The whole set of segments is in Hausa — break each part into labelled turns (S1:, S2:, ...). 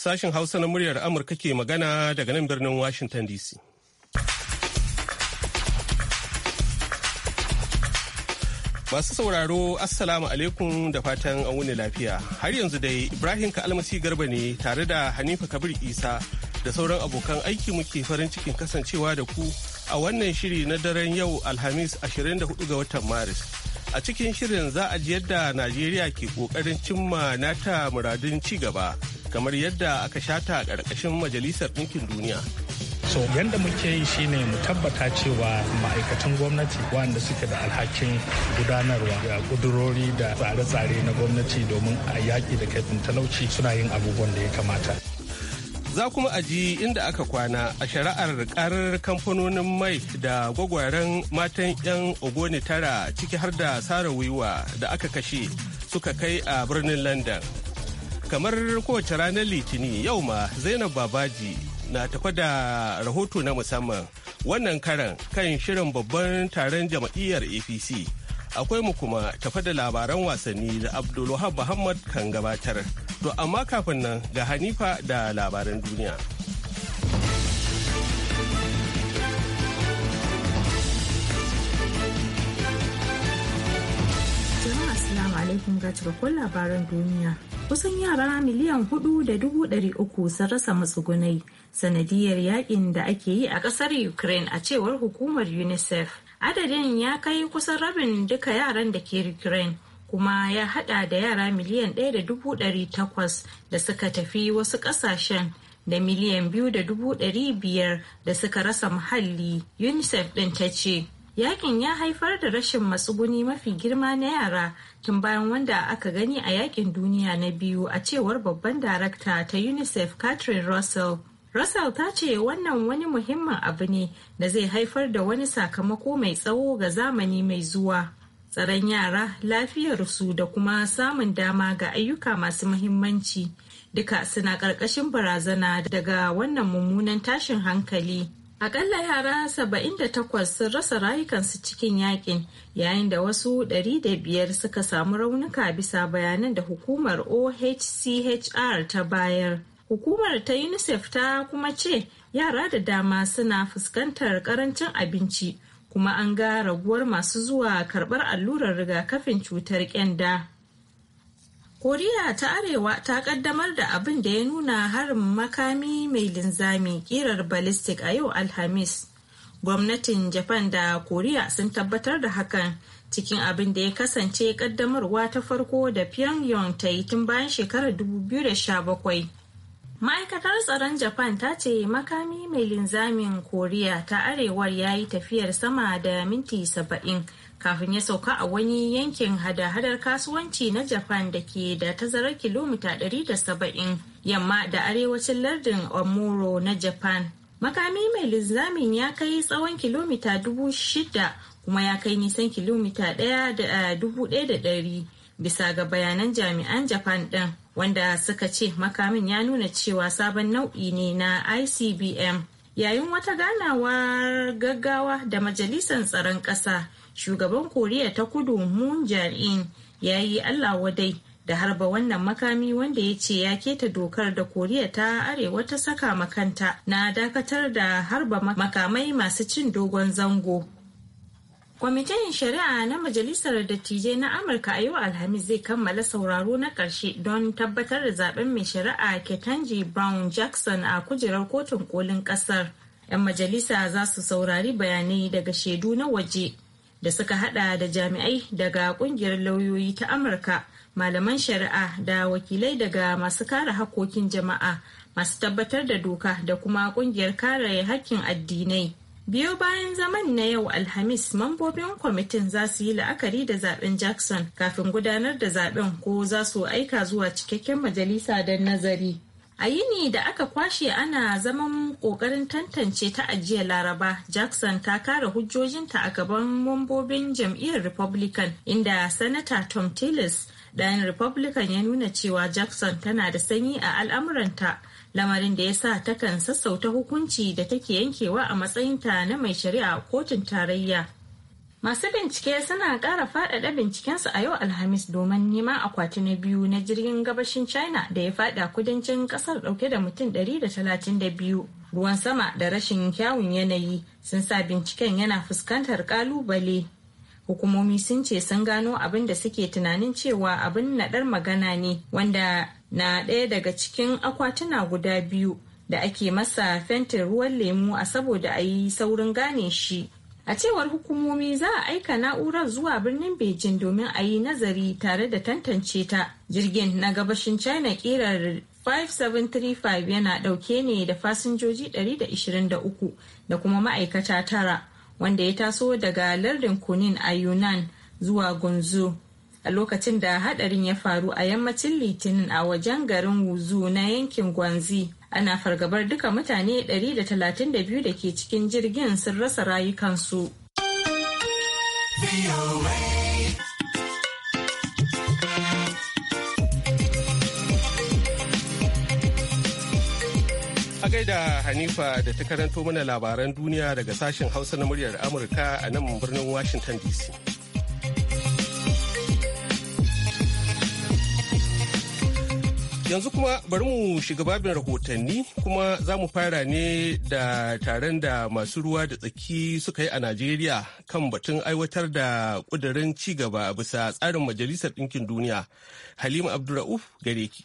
S1: Sashen Hausa na muryar Amurka ke magana daga nan birnin Washington DC. Masu sauraro, Assalamu alaikum da fatan an wuni lafiya. Har yanzu dai Ibrahim Ka'almasi Garba ne tare da Hanifa Kabir Isa da sauran abokan aiki muke farin cikin kasancewa da ku a wannan shiri na daren yau Alhamis 24 ga watan Maris. a cikin shirin za a ji yadda najeriya ke kokarin cimma nata muradun ci gaba kamar yadda aka shata a ƙarƙashin majalisar ɗinkin duniya
S2: so yadda muke yi shine mu tabbata cewa ma'aikatan gwamnati wanda suke da alhakin gudanarwa da kudurori da tsare-tsare na gwamnati domin a yaƙi da kafin talauci suna yin abubuwan da ya kamata
S1: za kuma a ji inda aka kwana a shari'ar karar kamfanonin mai da gwagwaren matan 'yan ogoni tara ciki har da sara wiwa da aka kashe suka kai a birnin london kamar kowace ranar litini yau ma zainab babaji na tafa da rahoto na musamman wannan karan kan shirin babban taron jama'iyyar apc akwai mu kuma tafa da labaran wasanni da Abdulwahab Muhammad kan gabatar. To amma kafin nan ga Hanifa da labaran duniya.
S3: Jama'a alaikum ga cikakkun labaran duniya. Kusan yara miliyan hudu da dubu ɗari uku sun rasa matsugunai sanadiyar yakin da ake yi a kasar Ukraine a cewar hukumar UNICEF. adadin ya kai kusan rabin duka yaran da ke ukraine kuma ya hada da yara miliyan 1.800 da suka tafi wasu kasashen da miliyan 2.500 da suka rasa muhalli unicef din ta ce yakin ya haifar da rashin matsuguni mafi girma na yara tun bayan wanda aka gani a yakin duniya na biyu a cewar babban darakta ta unicef catherine russell Russell ta ce wannan wani muhimmin abu ne da zai haifar da wani sakamako mai tsawo ga zamani mai zuwa. Tsaron yara, lafiyarsu da kuma samun dama ga ayyuka masu muhimmanci duka suna ƙarƙashin barazana daga wannan mummunan tashin hankali. Akalla yara saba'in da 78 sun rasa rayukansu cikin yakin yayin da wasu biyar suka samu raunuka bisa bayanan da hukumar OHCHR ta bayar. Hukumar ta UNICEF ta kuma ce yara da dama suna fuskantar karancin abinci kuma an ga raguwar masu zuwa karbar allurar rigakafin cutar kyanda. Koriya ta Arewa ta kaddamar da abin da ya nuna harin makami mai linzami kirar ballistic a yau Alhamis. Gwamnatin Japan da Koriya sun tabbatar da hakan cikin abin da ya kasance kaddamarwa ta farko da Pyongyang ta yi tun bayan shekarar 2017. ma'aikatar tsaron japan ta ce makami mai linzamin koriya ta arewar ya yi tafiyar sama da minti saba'in kafin ya sauka a wani yankin hada-hadar kasuwanci na japan da ke da tazarar kilomita 170 yamma da arewacin lardin omuro na japan makami mai linzamin ya kai tsawon kilomita 6,000 kuma ya kai nisan kilomita 1,100 bisa ga bayanan jami'an japan ɗin wanda suka ce makamin ya nuna cewa sabon nau'i ne na icbm yayin wata ganawar gaggawa da majalisar tsaron ƙasa shugaban koriya ta kudu moon jae-in ya yi allah wadai da harba wannan makami wanda ya ce ya keta dokar da koriya ta arewa ta saka makanta na dakatar da harba makamai masu cin dogon zango Kwamitin Shari'a na Majalisar Dattijai na Amurka a yau Alhamis zai kammala sauraro na ƙarshe don tabbatar da zaben mai shari'a Ketanji Brown Jackson a kujerar kotun kolin ƙasar. 'Yan majalisa za su saurari bayanai daga shaidu na waje da suka hada da jami'ai daga ƙungiyar lauyoyi ta Amurka, malaman shari'a da wakilai daga masu kare hakkokin jama'a, masu tabbatar da doka da kuma ƙungiyar kare hakkin addinai. biyo bayan zaman na yau alhamis mambobin kwamitin za su yi la'akari da zaben jackson kafin gudanar da zaben ko za su aika zuwa cikakken majalisa don nazari a yini da aka kwashe ana zaman kokarin tantance ta ajiyar laraba jackson ta kare hujjojinta a gaban mambobin jam'iyyar republican inda sanata tom tillis ɗayan republican ya nuna cewa jackson tana da sanyi a al'amuranta lamarin da ya sa takan sassauta hukunci da take yankewa a matsayinta na mai shari'a a kotun tarayya masu bincike suna ƙara faɗaɗa bincikensu a yau alhamis domin neman akwati na biyu na jirgin gabashin china da ya faɗa kudancin ƙasar ɗauke da mutum 132 ruwan sama da rashin kyawun yanayi sun sa binciken yana fuskantar ƙalubale hukumomi sun ce sun gano abin da suke tunanin cewa abin naɗar magana ne wanda na ɗaya daga cikin akwatuna guda biyu da ake masa fentin ruwan lemu a saboda a yi saurin gane shi a cewar hukumomi za a aika na'urar zuwa birnin beijing domin a yi nazari tare da tantance ta jirgin na gabashin china kirar 5735 yana dauke ne da fasinjoji 123 da kuma ma'aikata tara wanda ya taso daga lardin kunin a yunan zuwa gunzu a lokacin da hadarin ya faru a yammacin litinin a wajen garin wuzu na yankin gwanzi ana fargabar duka mutane 132 da ke cikin jirgin sun rasa rayukansu.
S1: gaida Hanifa da ta karanto mana labaran duniya daga sashen Hausa na muryar Amurka a nan birnin Washington DC. Yanzu kuma bari mu shiga babin rahotanni kuma za mu fara ne da taron da masu ruwa da tsaki suka yi a Najeriya kan batun aiwatar da ƙudurin gaba bisa tsarin Majalisar Ɗinkin Duniya. Halima Abdulra'uf gare ki.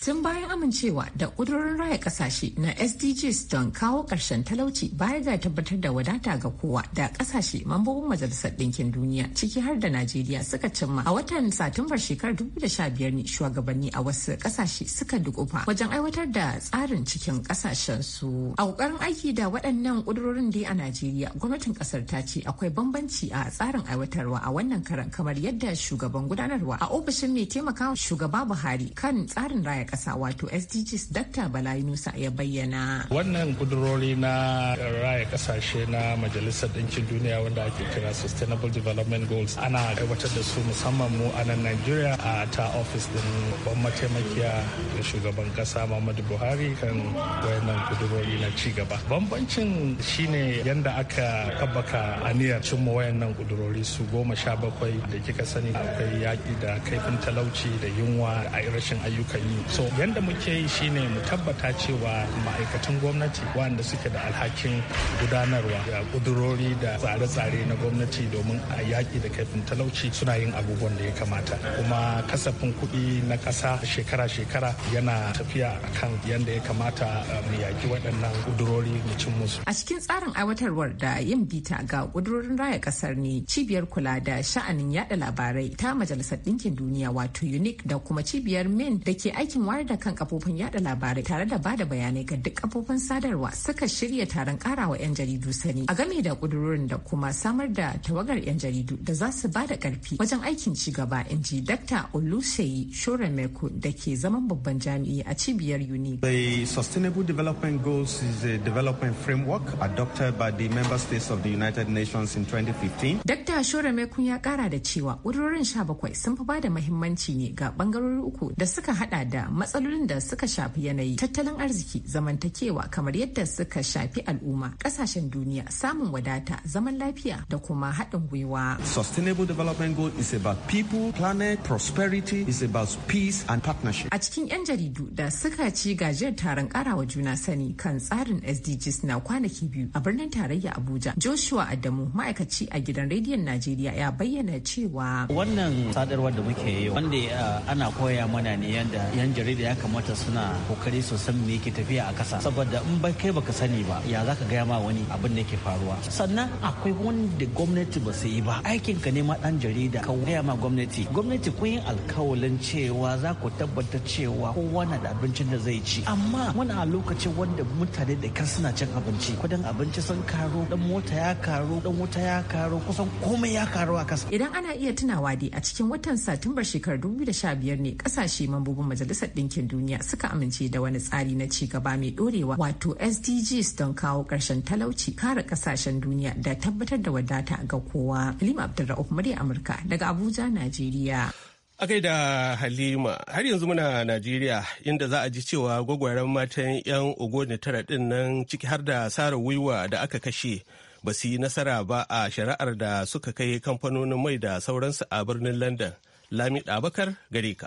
S4: tun bayan amincewa da ƙudurorin raya ƙasashe na sdgs don kawo ƙarshen talauci baya ga tabbatar da wadata ga kowa da ƙasashe mambobin majalisar ɗinkin duniya ciki har da najeriya suka cimma a watan satumbar shekarar 2015 ne shugabanni a wasu ƙasashe suka dukufa wajen aiwatar da tsarin cikin ƙasashen su a ƙoƙarin aiki da waɗannan ƙudurorin dai a najeriya gwamnatin ƙasar ta ce akwai bambanci a tsarin aiwatarwa a wannan karan kamar yadda shugaban gudanarwa a ofishin mai taimakawa shugaba buhari kan tsarin raya ƙasa wato SDGs Dr. Bala Yunusa ya bayyana. Wannan kudurori
S2: na raya ƙasashe na Majalisar Ɗinkin Duniya wanda ake kira Sustainable Development Goals ana aiwatar da su musamman mu a nan Nigeria. a ta ofis din babban mataimakiya da shugaban ƙasa Muhammadu Buhari kan wayannan kudurori na ci gaba. Bambancin shine yanda aka tabbaka aniyar cimma wayannan kudurori su goma sha bakwai da kika sani akwai yaki da kaifin talauci da yunwa a rashin ayyukan yi. so yadda muke yi shine mu tabbata cewa ma'aikatan gwamnati wanda suke da alhakin gudanarwa da kudurori da tsare-tsare na gwamnati domin a yaƙi da kaifin talauci suna yin abubuwan da ya kamata kuma kasafin kuɗi na ƙasa shekara-shekara yana tafiya kan yadda ya kamata eh, mu yaƙi waɗannan kudurori mu
S4: cin musu a cikin tsarin aiwatarwar da yin bita ga kudurorin raya ƙasar ne cibiyar kula da sha'anin yaɗa labarai ta majalisar ɗinkin duniya wato unic da kuma cibiyar min da ke aikin wayar da kan kafofin yada labarai tare da bada bayanai ga duk kafofin sadarwa suka shirya taron karawa 'yan jaridu sani a game da kudurorin da kuma samar da tawagar 'yan jaridu da za su bada karfi wajen aikin ci gaba in ji Dr. Oluseyi Shoremeku da ke zaman babban jami'i a cibiyar UNI.
S1: The Sustainable Development Goals is a development framework adopted by the member states of the United Nations in 2015.
S4: Dr. Shoremeku ya kara da cewa kudurorin bakwai sun fi bada mahimmanci ne ga bangarori uku da suka hada da matsalolin da suka shafi yanayi tattalin arziki zamantakewa kamar yadda suka shafi al'umma kasashen duniya samun wadata zaman lafiya da kuma haɗin gwiwa
S1: sustainable development goal is about people planet prosperity is about peace and partnership
S4: a cikin yan jaridu da suka ci gajiyar taron karawa juna sani kan tsarin sdgs na kwanaki biyu a birnin tarayya abuja joshua adamu ma'aikaci a gidan rediyon najeriya ya bayyana cewa
S5: wannan sadarwar da muke yi wanda eh, ana koya mana ne yadda yan jaridu da ya kamata suna kokari su san me yake tafiya a kasa. saboda in ba kai baka sani ba ya zaka gaya ma wani abin da yake faruwa sannan akwai wanda gwamnati ba su yi ba aikin ka ne ma dan jarida ka gaya ma gwamnati gwamnati kun yi alkawalin cewa za ku tabbatar cewa kowa na da abincin da zai ci amma muna a lokacin wanda mutane da kan suna cin abinci
S4: kudin abinci sun karo dan mota ya karo dan wuta ya karo kusan komai ya karo a kasa idan ana iya tunawa dai a cikin watan satumbar shekarar 2015 ne kasashe mambobin majalisar ɗinkin duniya suka amince da wani tsari na ci gaba mai ɗorewa wato SDGs don kawo ƙarshen talauci kare ƙasashen duniya da tabbatar da wadata ga kowa. Halima Abdulra'uf murya Amurka daga Abuja, Najeriya.
S1: A kai da Halima, har yanzu muna Najeriya inda za a ji cewa gwagwaren matan 'yan Ogoni tara ɗin nan ciki har da Sara Wiwa da aka kashe ba su yi nasara ba a shari'ar da suka kai kamfanonin mai da sauransu a birnin London. Lami bakar gare ka.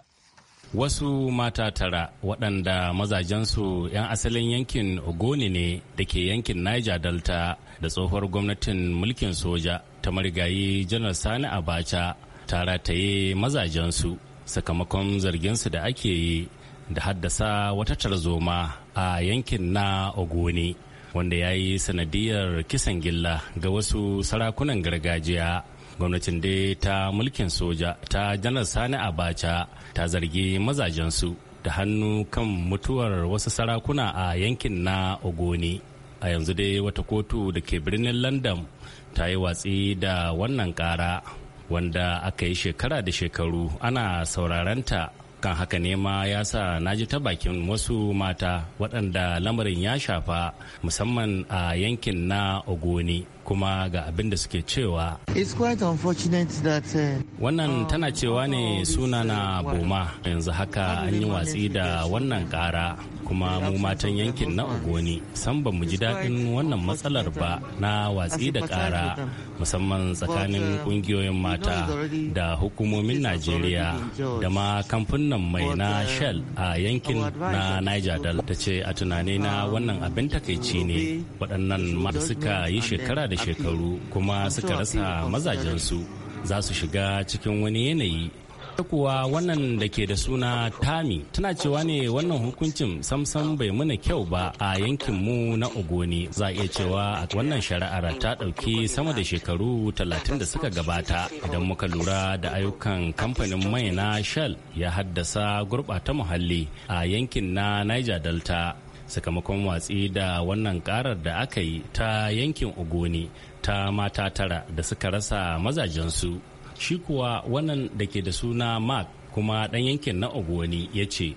S1: wasu
S6: mata tara waɗanda mazajensu 'yan asalin yankin ogoni ne da ke yankin niger delta da tsohuwar gwamnatin mulkin soja ta marigayi janar sani abacha tara ta yi mazajensu sakamakon zarginsu da ake yi da haddasa wata tarzoma a yankin na ogoni wanda ya yi sanadiyar kisan gilla ga wasu sarakunan gargajiya gwamnatin dai ta mulkin soja ta janar sani abacha ta zargi mazajensu da hannu kan mutuwar wasu sarakuna a yankin na ogoni a yanzu dai wata kotu da ke birnin london ta yi watsi da wannan kara wanda aka yi shekara da shekaru ana sauraranta kan haka ne ma ya sa na ji ta bakin wasu mata waɗanda lamarin ya shafa musamman a yankin na ogoni kuma ga abin da suke cewa. Uh, wannan um, tana cewa ne suna na uh, Boma yanzu haka an yi watsi da wannan kara kuma mu matan yankin na Ogoni san ba mu ji daɗin wannan matsalar ba na watsi da kara musamman tsakanin kungiyoyin uh, mata da hukumomin Najeriya da ma kamfunan mai na Shell a yankin na Niger Delta ta ce a tunanina um, wannan abin takaici ne waɗannan ma suka yi shekara da shekaru kuma suka rasa mazajensu za su shiga cikin wani yanayi kuwa wannan da ke da suna tami tana cewa ne wannan hukuncin samsam bai muna kyau ba a yankin mu na ogoni za a iya cewa a wannan shari'ar ta ɗauki sama da shekaru 30 da suka gabata idan muka lura da ayyukan kamfanin mai na shell ya haddasa gurɓata muhalli a yankin na niger delta sakamakon watsi da wannan karar da aka yi ta yankin ogoni ta mata tara da suka rasa mazajensu shi kuwa wannan da ke da suna mark kuma dan yankin na ogoni ya ce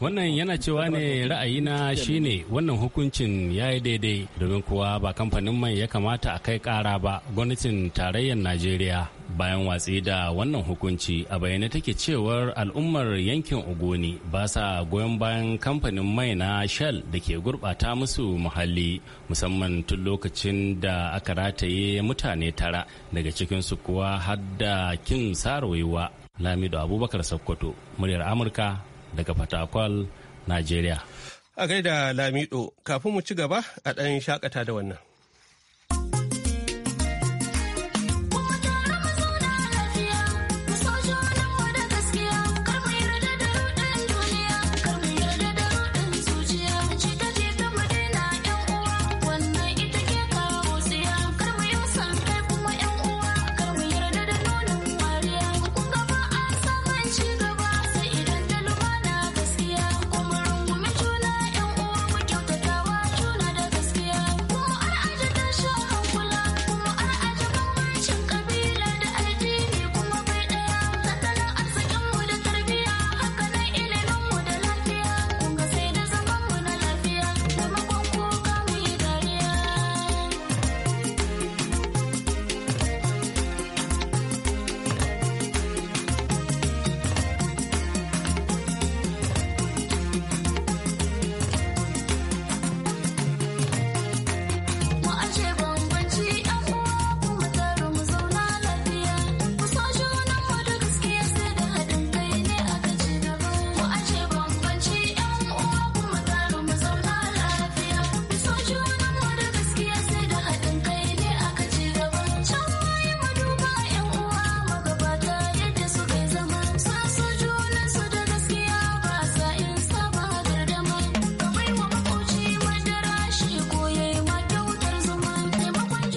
S6: Wannan yana cewa ne ra'ayina shine wannan hukuncin ya yi daidai domin kuwa ba kamfanin mai ya kamata a kai kara ba gwamnatin tarayyar Najeriya bayan watsi da wannan hukunci a bayyane take cewar al'ummar yankin ogoni ba sa goyon bayan kamfanin mai na shell da ke gurbata musu muhalli musamman tun lokacin da aka rataye mutane tara daga cikinsu kuwa har da kin sarwaiwa lamido abubakar sokoto muryar amurka daga fatakwal nigeria
S1: a gaida lamido kafin mu ci gaba a ɗan shakata da wannan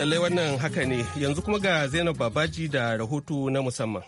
S1: lallai wannan haka ne yanzu kuma ga zainab babaji da rahoto na musamman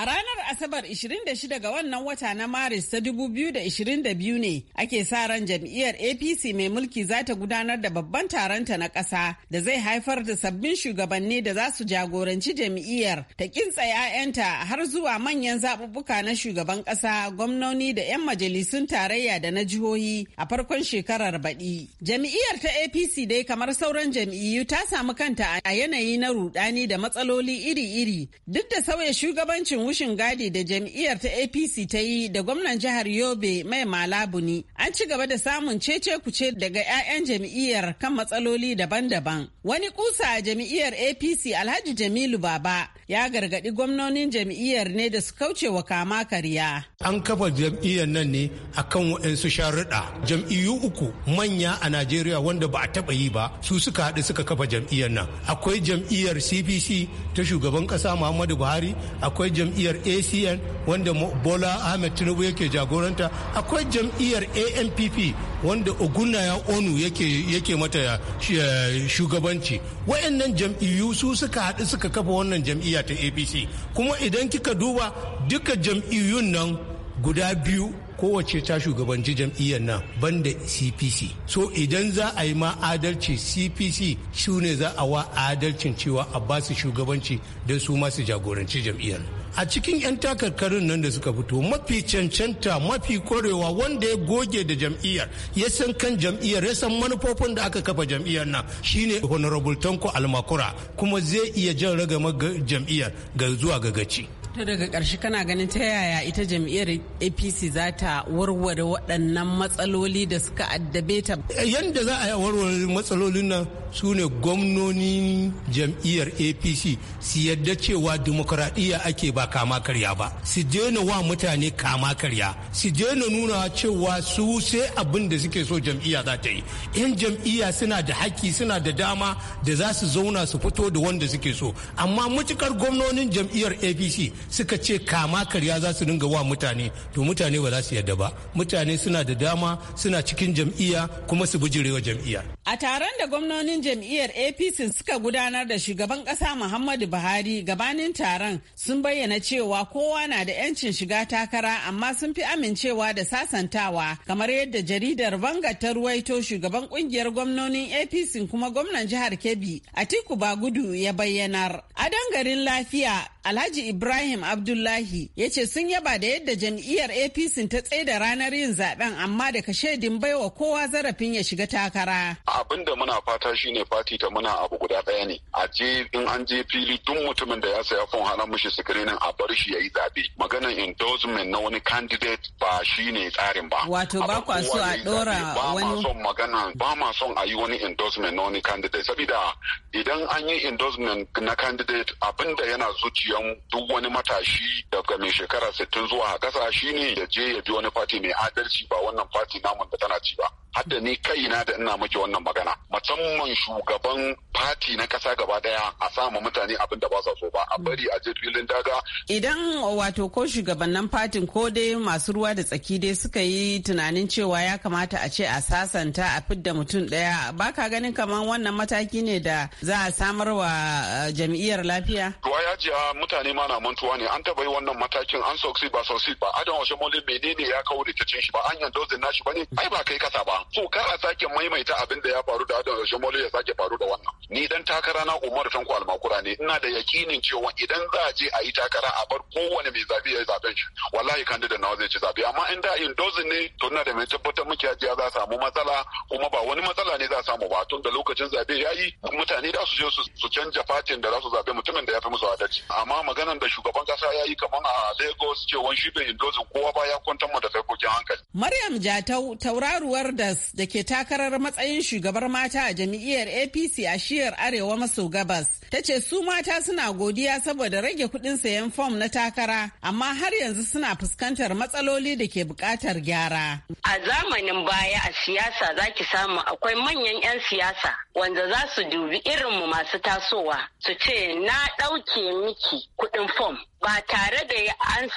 S5: A ranar Asabar 26 ga wannan wata na Maris ta 2022 ne ake sa ran jam'iyyar APC mai mulki za ta gudanar da babban taronta na ƙasa da zai haifar da sabbin shugabanni da za su jagoranci jam'iyyar ta kintsa 'ya'yanta har zuwa manyan zaɓuɓɓuka na shugaban ƙasa, gwamnoni da 'yan majalisun tarayya da na jihohi a farkon shekarar baɗi. Jam'iyyar ta APC dai kamar sauran jam'iyyu ta samu kanta a yanayi na rudani da matsaloli iri-iri duk da sauya shugabancin wucin gadi da jam'iyyar ta apc ta yi da gwamnan jihar yobe mai malabu an ci gaba da samun cece kuce daga 'ya'yan jam'iyyar kan matsaloli daban-daban wani kusa a jam'iyyar apc alhaji jamilu baba ya gargadi gwamnonin jam'iyyar ne da su kauce wa kama karya
S7: an kafa jam'iyyar nan ne a kan waɗansu sharuɗa jam'iyyu uku manya a najeriya wanda ba a taɓa yi ba su suka haɗu suka kafa jam'iyyar nan akwai jam'iyyar cpc ta shugaban ƙasa muhammadu buhari akwai jam'iyyar acn wanda bola ahmed tinubu yake jagoranta akwai jam'iyyar ampp wanda ogunnaya onu yake, yake mata eh, eh, shugabanci wayannan jam'iyyu su suka haɗu suka kafa wannan jam'iyya ta apc kuma idan kika duba duka jam'iyyun nan guda biyu kowace ta shugabanci jam'iyyar nan ban da cpc so idan za a yi ma adalci cpc su ne za a wa adalcin cewa a ba su shugabanci don su masu jagoranci jam'iyyar a cikin 'yan takarkarin nan da suka fito mafi cancanta mafi korewa wanda ya goge da jam'iyyar ya san kan jam'iyyar ya san manufofin da aka kafa jam'iyyar nan shine honorable tanko almakura kuma zai iya jan ragamar jam'iyyar ga zuwa ga gaci
S5: To daga karshe kana ganin ta yaya ita jam'iyyar APC za ta warware waɗannan matsaloli da suka addabe ta?
S7: yadda za a yi warware matsalolin nan su ne gwamnonin jam'iyyar APC su yadda cewa dimokuraɗiyya ake ba kama karya ba. Su daina wa mutane kama karya. Su daina nuna cewa su sai abin da suke so jam'iyya za ta yi. 'Yan jam'iyya suna da haƙƙi suna da dama da za su zauna su fito da wanda suke so. Amma mutukar gwamnonin jam'iyyar APC suka ce kama karya za su dinga wa mutane to mutane ba za su yadda ba mutane suna da dama suna cikin jam'iyya kuma su bijirewa jam'iyya
S5: A taron da gwamnonin jam'iyyar APC suka gudanar da shugaban ƙasa Muhammadu Buhari gabanin taron sun bayyana cewa kowa na da 'yancin shiga takara amma sun fi amincewa da sasantawa kamar yadda jaridar banga ta ruwaito shugaban ƙungiyar gwamnonin APC kuma gwamnan jihar Kebbi a tiku ba gudu ya bayyanar. A dangarin lafiya Alhaji Ibrahim Abdullahi ya ce sun yaba da yadda jam'iyyar APC ta tsaida ranar yin zaben amma da kashedin baiwa kowa zarafin ya shiga takara.
S8: abin da muna fata shine fati ta muna abu guda ɗaya ne a je in an je fili duk mutumin da ya saya fon hana mishi sikirinin a bar shi ya yi zaɓe maganan endorsement na wani candidate ba shine tsarin ba wato ba kwa so a
S9: dora wani
S8: son magana ba ma son a yi wani endorsement na wani candidate saboda idan an yi endorsement na candidate abin da yana zuciyan duk wani matashi daga mai shekara 60 zuwa ƙasa shine ya je ya bi wani fati mai adalci ba wannan fati namun da tana ci ba hadda ni na da ina miki wannan magana musamman shugaban fati na kasa gaba daya a sama mutane abin da ba sa so ba a bari a je filin daga
S5: idan wato ko shugabannin fatin ko dai masu ruwa da tsaki dai suka yi tunanin cewa ya kamata a ce a sasanta a fidda mutum daya ka ganin kamar wannan mataki ne da za a samar wa eh, jam'iyyar lafiya
S8: ruwa ya jiya ah, mutane ma na mantuwa ne an taba yi wannan matakin an soksi ba soksi ba adam washe molin menene ya kawo rikicin shi ba an yanda nashi ba ne ai ba kai kasa ba so kar a sake maimaita abin da ya ya faru da Adam Shomole ya sake faru da wannan ni dan takara na Umar Tanko Almakura ne ina da yakinin cewa idan za a je a yi takara a bar kowane mai zabi ya yi zaben shi wallahi candidate nawa zai ci zabe amma in da in dozin ne to ina da mai tabbatar miki hajiya za samu matsala kuma ba wani matsala ne za samu ba tun da lokacin zabe ya yi mutane da su je su canja fatin da za su zabe mutumin da ya fi musu adalci amma maganan da shugaban kasa ya yi kamar a Lagos cewa shi bai dozin kowa ba ya kwantar mu da sarkokin hankali
S5: Maryam Jatau tauraruwar da ke takarar matsayin shi shugabar mata a jam'iyyar APC a shiyar Arewa maso gabas. Ta ce su mata suna godiya saboda rage kuɗin sayan fom na takara, amma har yanzu suna fuskantar matsaloli da ke bukatar gyara.
S10: A zamanin baya a siyasa zaki samu akwai manyan 'yan siyasa wanda za su dubi irinmu masu tasowa su ce na ɗauke miki kudin fom ba tare da ya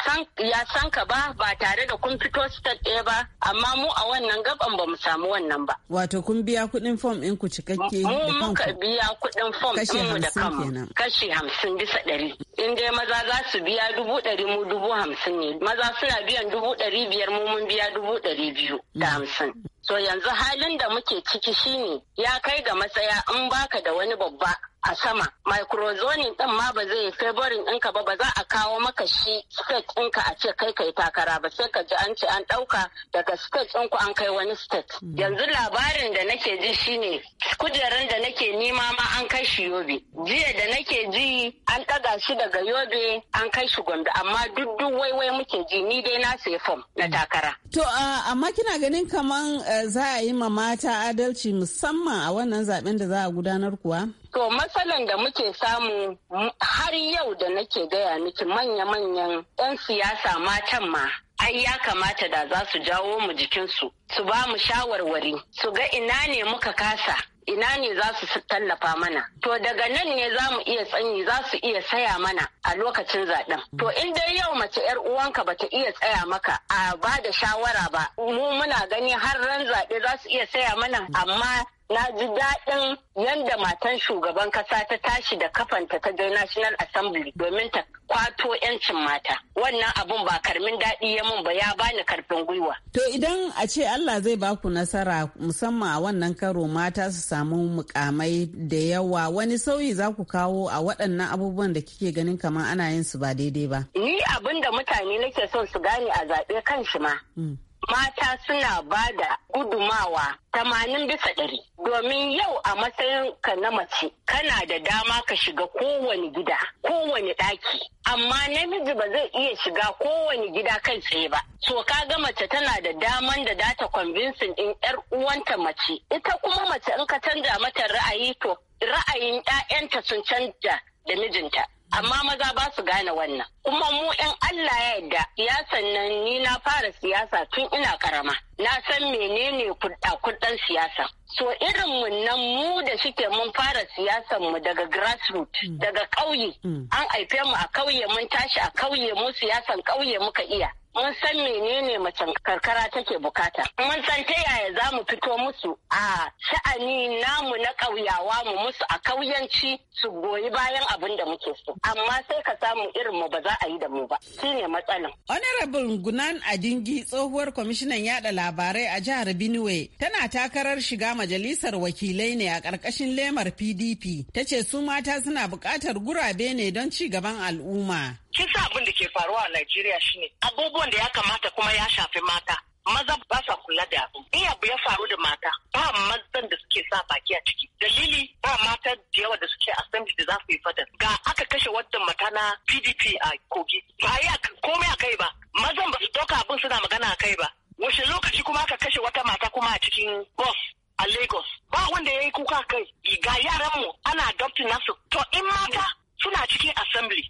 S10: san ka ba ba tare da kun fito stat ɗaya ba amma mu a wannan gaban ba mu samu wannan ba.
S5: Wato kun biya kuɗin fom ɗin ku cikakke da kanku? Mu muka
S10: biya kuɗin fom ɗin mu da kanmu. Kashi hamsin bisa ɗari. in dai maza za su biya dubu ɗari mu dubu hamsin ne maza suna biyan dubu ɗari biyar mu mun biya dubu ɗari biyu da hamsin so yanzu halin da muke ciki shine ya kai ga matsaya in baka da wani babba a sama microzoning din ma ba zai favorin ɗinka ba ba za a kawo maka shi state ɗinka a ce kai kai takara ba sai ka ji an ce an ɗauka daga state ɗinku an kai wani state mm. yanzu labarin da nake ji shine kujerar da nake nima ma an kai shi yobe jiya da nake ji an ɗaga shi daga Yobe an kai shi Gombe amma duk duk waiwai muke ji ni dai na saya fom na takara.
S5: To amma kina ganin kaman eh, za a yi ma mata adalci musamman a wannan zaben da za a gudanar
S10: kuwa? To matsalan da muke samu har yau da nake gaya miki manya-manyan 'yan siyasa matan ma ai ya kamata da za su jawo mu jikinsu su ba mu shawarwari su ga ina ne muka kasa ina ne za su tallafa mana to daga nan ne za mu iya tsanyi za su iya saya mana a lokacin zaɓen to in dai yau mace yar uwanka bata iya tsaya maka a ba da shawara ba mu muna gani har ran zaɓe za su iya saya mana amma na ji daɗin yadda matan shugaban kasa ta tashi da kafanta ta je National Assembly domin ta kwato 'yancin mata. Wannan abun ba karmin daɗi ya mun ba ya bani karfin gwiwa.
S5: To idan a ce Allah zai ba ku nasara musamman a wannan karo mata su samu mukamai da yawa wani sauyi za ku kawo a waɗannan abubuwan da kike ganin kamar ana yin su ba daidai
S9: ba.
S10: Ni abin da mutane nake son su gane a zaɓe kan shi ma. Hmm. mata suna ba da gudumawa tamanin bisa ɗari domin yau a matsayin ka na mace kana da dama ka shiga kowane gida kowane ɗaki amma namiji ba zai iya shiga kowane gida kai tsaye ba so ka ga mace tana da daman da data convincing in yar uwanta mace ita kuma mace in ka canja mata ra'ayi to ra'ayin 'ya'yanta sun canja da mijinta amma maza ba su gane wannan kuma mu yan Allah ya yarda siyasan nan ni na fara siyasa tun ina karama na san menene kudakudan siyasa so irin mu nan mu da suke mun fara siyasan mu daga grassroots mm. daga ƙauye mm. an aife mu a kauye mun tashi a ƙauye mu siyasan ƙauye muka iya mun san menene mace karkara take bukata mun san ta yaya za mu fito musu a sha'ani namu na ƙauyawa mu musu a kauyanci su goyi bayan abin da muke so amma sai ka samu irin mu ba za a yi da mu ba shine matsalan
S5: honorable gunan adingi tsohuwar kwamishinan yada labarai a jihar benue tana takarar shiga majalisar wakilai ne a ƙarƙashin lemar pdp ta ce su mata suna buƙatar gurabe ne don ci gaban al'umma
S9: kin sa
S10: abin da ke faruwa a Najeriya shine abubuwan da ya kamata kuma ya shafi mata maza ba sa kula da abu in abu ya faru da mata ba mazan da suke sa baki a ciki dalili ba mata da yawa da suke assembly da za su yi fadar ga aka kashe wata mata na pdp a kogi ba yi komai a kai ba mazan ba su doka abin suna magana a kai ba wace lokaci kuma aka kashe wata mata kuma a cikin bus a lagos ba wanda ya yi kuka kai ga yaran mu ana adopting nasu to in mata suna cikin assembly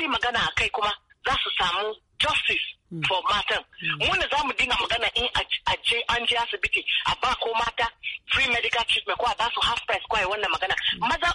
S10: su yi magana a kai kuma za su samu justice hmm. for matan hmm. mu za mu dinga magana in an je asibiti a ba ko mata free medical treatment ko a ba su half price ko a wannan magana hmm.
S9: maza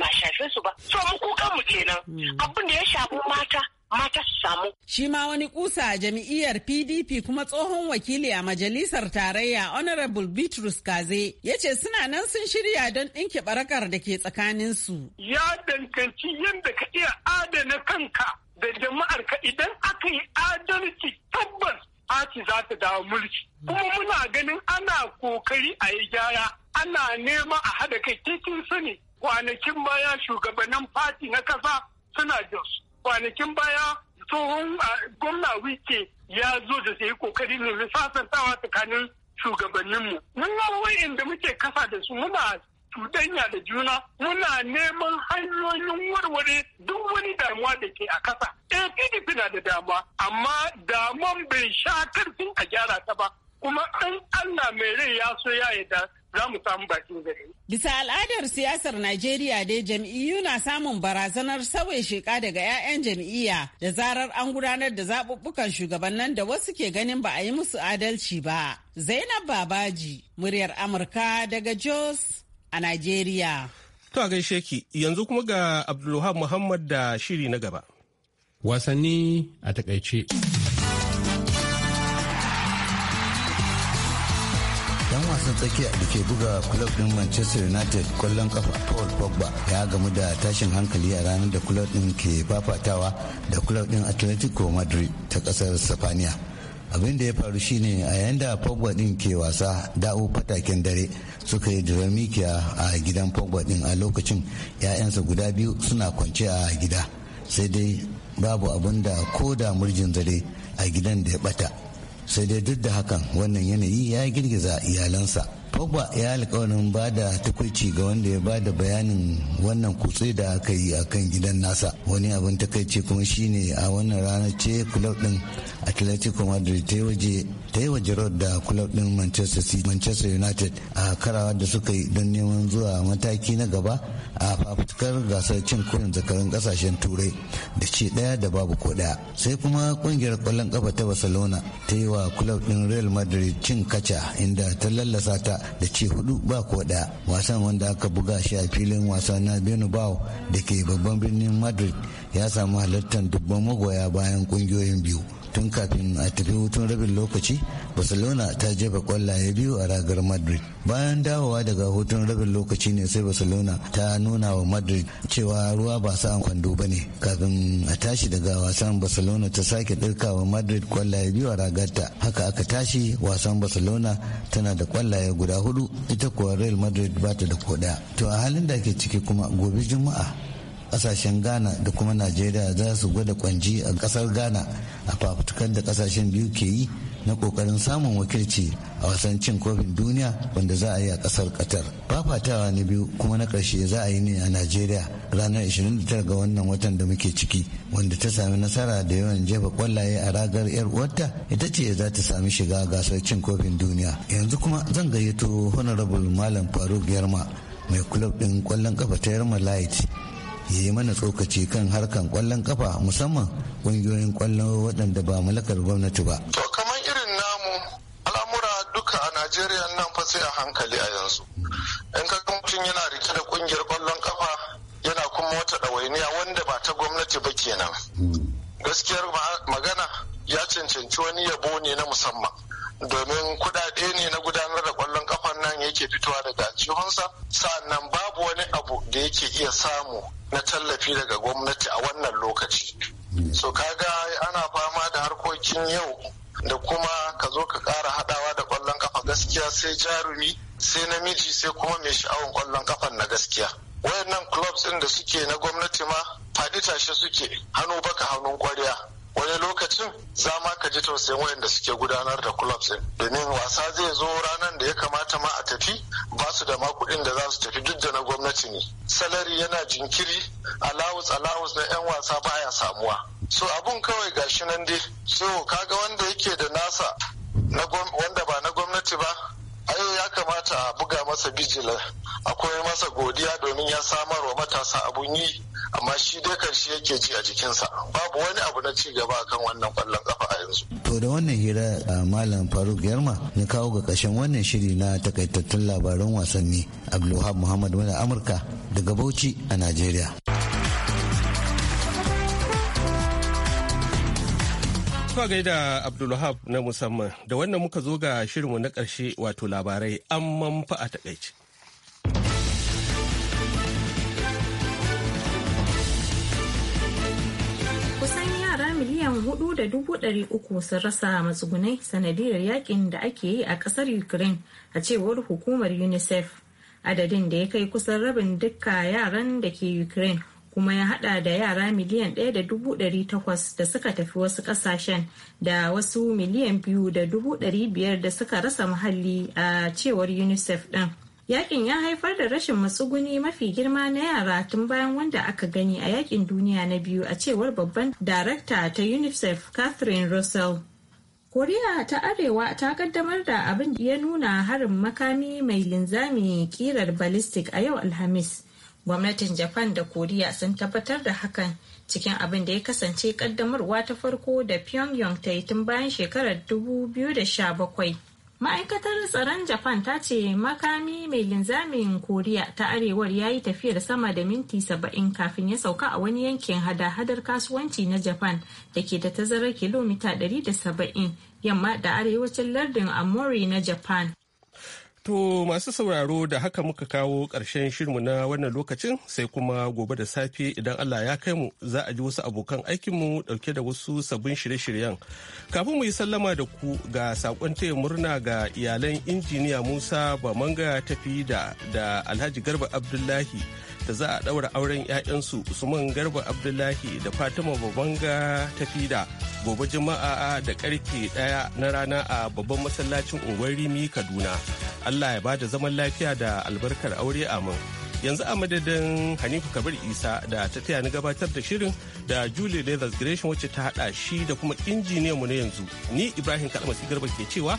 S9: ba shafe su ba so mu kuka mu kenan abin
S10: da ya shafi mata
S5: mata su samu. Shi ma wani kusa a jam'iyyar PDP kuma tsohon wakili a majalisar tarayya Honorable Bitrus Kaze ya ce suna nan sun shirya don ɗinki barakar da ke tsakanin su.
S7: Ya danganci yadda ka iya adana kanka da jama'ar ka idan aka yi adalci tabbas Aci za ta dawo mulki. Kuma muna ganin ana kokari a yi gyara, ana nema a haɗa kai titin sani kwanakin baya shugabannin fati na kasa suna jos. kwanakin baya tsohon gwamna wike ya zo da sai kokari ne na sasantawa tsakanin shugabanninmu. Mun wa'in da muke kasa da su muna cuɗanya da juna muna neman hanyoyin warware duk wani damuwa da ke a kasa. Eh PDP na da dama amma damuwan bai sha karfin a gyara ta ba kuma ɗan Allah mai rai ya so ya yarda za mu samu bakin gari.
S5: Bisa al'adar siyasar Najeriya dai jam'iyyu na samun barazanar sauye sheka daga 'ya'yan jam'iyya da zarar an gudanar da zaɓuɓɓukan shugabannin da wasu ke ganin ba a yi musu adalci ba. Zainab Babaji, muryar Amurka daga Jos a Najeriya.
S1: To a gaishe ki yanzu kuma ga Abdulwahab Muhammad da shiri na gaba. Wasanni a takaice.
S11: dan wasan tsakiya da ke buga club din manchester united kwallon kafa paul pogba ya gamu da tashin hankali a ranar da club din ke fafatawa da club din atletico madrid ta kasar spaniya abin da ya faru shine a yayin da pogba din ke wasa da'o fataken dare suka yi diramikiya a gidan pogba din a lokacin 'ya'yansa guda biyu suna kwance a gida sai dai babu abin da ko da murjin zare a gidan da ya bata sai dai duk da hakan wannan yanayi ya girgiza iyalansa Pogba ya alkawarin ba da takwaici ga wanda ya ba da bayanin wannan kutse da aka yi a kan gidan nasa wani abin takaici kuma shine a wannan ranar ce kulob din atletico madrid ta waje ta yi wa Gerard da club din Manchester City Manchester United a karawa da suka yi don neman zuwa mataki na gaba a fafutukar gasar cin kurin zakarun kasashen turai da ci daya da babu ko daya sai kuma kungiyar kwallon kafa ta Barcelona ta yi wa club din Real Madrid cin kaca inda ta lallasa ta da ce hudu ba ko daya wasan wanda aka buga shi a filin wasa na Benubao da ke babban birnin Madrid ya samu halartar dubban magoya bayan kungiyoyin biyu tun kafin a tafi hutun rabin lokaci barcelona ta jefa kwallaye biyu a ragar madrid bayan dawowa daga hutun rabin lokaci ne sai barcelona ta nuna wa madrid cewa ruwa ba sa kwando ba ne kafin a tashi daga wasan barcelona ta sake wa madrid kwallaye biyu a ragarta haka aka tashi wasan barcelona tana da kwallaye guda hudu ita kuwa real madrid ba ta da ko ɗaya. to a halin da ke ciki kuma gobe juma'a ƙasashen ghana da kuma najeriya za su gwada kwanji a ƙasar ghana a fafutukan da kasashen biyu ke yi na kokarin samun wakilci a wasan cin kofin duniya wanda za a yi a kasar qatar fafatawa na biyu kuma na karshe za a yi ne a najeriya ranar 29 ga wannan watan da muke ciki wanda ta sami nasara da yawan jefa kwallaye a ragar yar uwarta ita ce za ta sami shiga gasar cin kofin duniya yanzu kuma zan gayyato honorable malam faruk yarma mai kulob din kwallon kafa ta yarma light ya yi mana tsokaci kan harkan kwallon kafa musamman ƙungiyoyin kwallon waɗanda ba malakar gwamnati ba. To
S12: kamar irin namu al'amura duka a Najeriya nan fa sai a hankali a yanzu. In ka mutum yana rike da ƙungiyar kwallon kafa yana kuma wata ɗawainiya wanda ba ta gwamnati ba kenan. Gaskiyar magana ya cancanci wani yabo ne na musamman. domin kudade ne na gudanar da kwallon kafan nan yake fitowa daga aljihunsa sa'annan babu wani abu da yake iya samu na tallafi daga gwamnati a wannan lokaci so kaga ana fama da harkokin yau da kuma ka zo ka ƙara haɗawa da ƙwallon kafa gaskiya sai jarumi sai namiji sai kuma mai sha'awan ƙwallon kafan na gaskiya wayannan clubs ɗin da suke na gwamnati ma faɗi tashe suke hannu baka hannun ƙwarya lokacin za ma ka ji tausayin wayanda suke gudanar da clubs din domin wasa zai zo ranar da ya kamata ma a tafi ba su da ma kuɗin da za su tafi duk da na gwamnati ne salari yana jinkiri alawus alawus na 'yan wasa baya samuwa so abun kawai gashi nan dai so kaga wanda yake da nasa wanda ba na gwamnati ba ayo ya kamata a buga masa bijila akwai masa godiya domin ya samarwa matasa abun yi amma shi dai karshe yake ji a jikinsa babu wani abu na ci gaba kan wannan kwallon kafa a yanzu
S11: to da wannan hira a malam faruk yarma na kawo ga ƙarshen wannan shiri na takaitattun labaran wasanni abdulwahab muhammad wani amurka daga bauchi a najeriya
S1: gai gaida Abdulwahab na musamman da wannan muka zo ga shirinmu na ƙarshe wato labarai an manfa a takaici.
S3: miliyan hudu da dubu ɗari uku sun rasa matsugunai sanadiyar yakin da ake yi a ƙasar ukraine a cewar hukumar unicef adadin da ya kai kusan rabin dukka yaran da ke ukraine kuma ya hada da yara miliyan ɗaya da dubu ɗari da suka tafi wasu ƙasashen da wasu miliyan biyu da dubu biyar da suka rasa muhalli a cewar unicef ɗin. Yakin ya haifar da rashin matsuguni mafi girma na yara tun bayan wanda aka gani a yakin duniya na biyu a cewar babban darakta ta UNICEF Catherine Russell. Koriya ta Arewa ta kaddamar da abin ya nuna harin makami mai linzami kirar ballistic a yau Alhamis. Gwamnatin Japan da Koriya sun tabbatar da hakan cikin abin da ya kasance kaddamarwa ta farko da Pyongyang ta yi tun bayan shekarar 2017. Ma'aikatar tsaron Japan ta ce makami mai linzamin Koriya ta arewar ya yi tafiyar sama da minti saba'in kafin ya sauka a wani yankin hada-hadar kasuwanci na Japan da ke da tazarar kilomita 170 yamma da arewacin lardin Amori na Japan.
S1: To masu sauraro da haka muka kawo ƙarshen shirmu na wannan lokacin sai kuma gobe da safe idan Allah ya kai mu za a ji wasu abokan aikinmu ɗauke da wasu sabbin shirye-shiryen. Kafin mu yi sallama da ku ga sakon taya murna ga iyalan injiniya Musa Bamanga tafi da Alhaji Garba Abdullahi. da za a ɗaura auren 'ya'yansu Usman Garba Abdullahi da Fatima Babanga Tafida gobe Juma'a da karfe ɗaya na rana a babban masallacin unguwar Rimi Kaduna. Allah ya bada zaman lafiya da albarkar aure amin. Yanzu a madadin Hanifu Kabir Isa da ta taya ni gabatar da shirin da Julie Leathers Gresham wacce ta hada shi da kuma injiniyanmu na yanzu. Ni Ibrahim Kalmasi Garba ke cewa